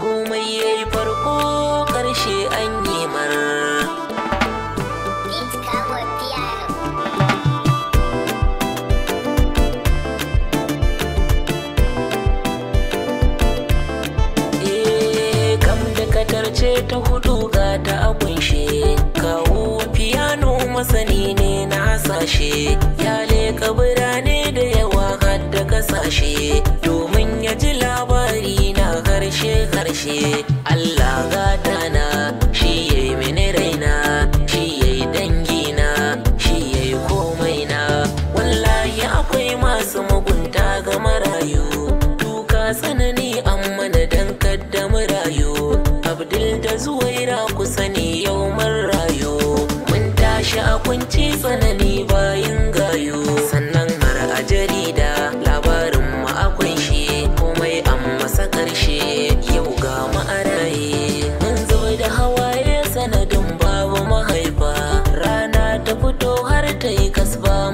komai ya yi farko ƙarshe an yi eh, ce ta hudu ga ta akunshe kawo fiyano masani ne na hasashe ya leka birane da yawa har da kasashe domin ƙarshe Allah gata na shi yayi mini raina shi yayi dangina shi yayi komai na wallahi akwai masu mugunta ga marayu tuka tsanani amma na dan kadda marayu Abdul da Zuwaira ku sani yau rayu mun tashi a kunci tsanani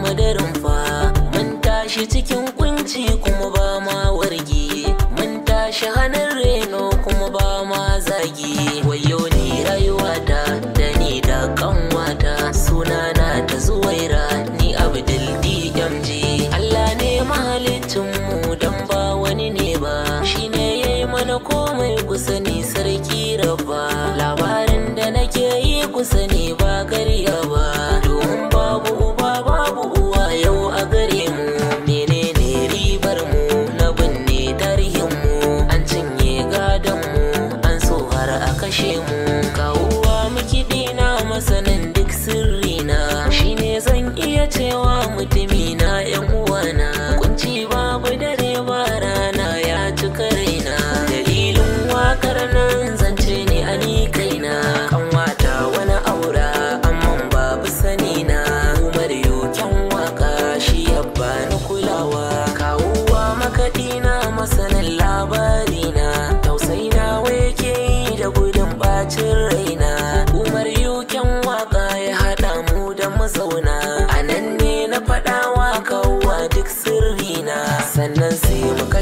madarin fa mun tashi cikin kunci kuma ba ma wargi mun tashi hannun reno kuma ba ma zagi wayo ni rayuwata da ni da kanwata sunana ta zuwaira ni abdul dmg allah ne mu dan ba wani ne ba shine yayi mana komai kusa ni sarki rabba labarin da nake yi kusa ne ba karya cewa mutumi na yan uwana kunci babu dare ba rana ya cika raina dalilin wakar na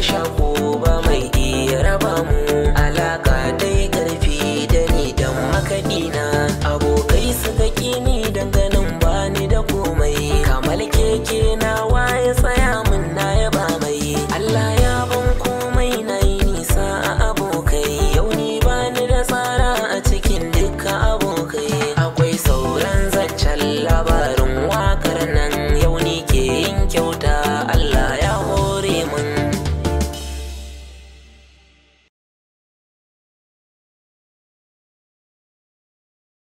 shako ba mai iya raba mu alaka dai karfi da ni dan makaɗina abokai suka ƙi ni danganin bani da komai kamar keke na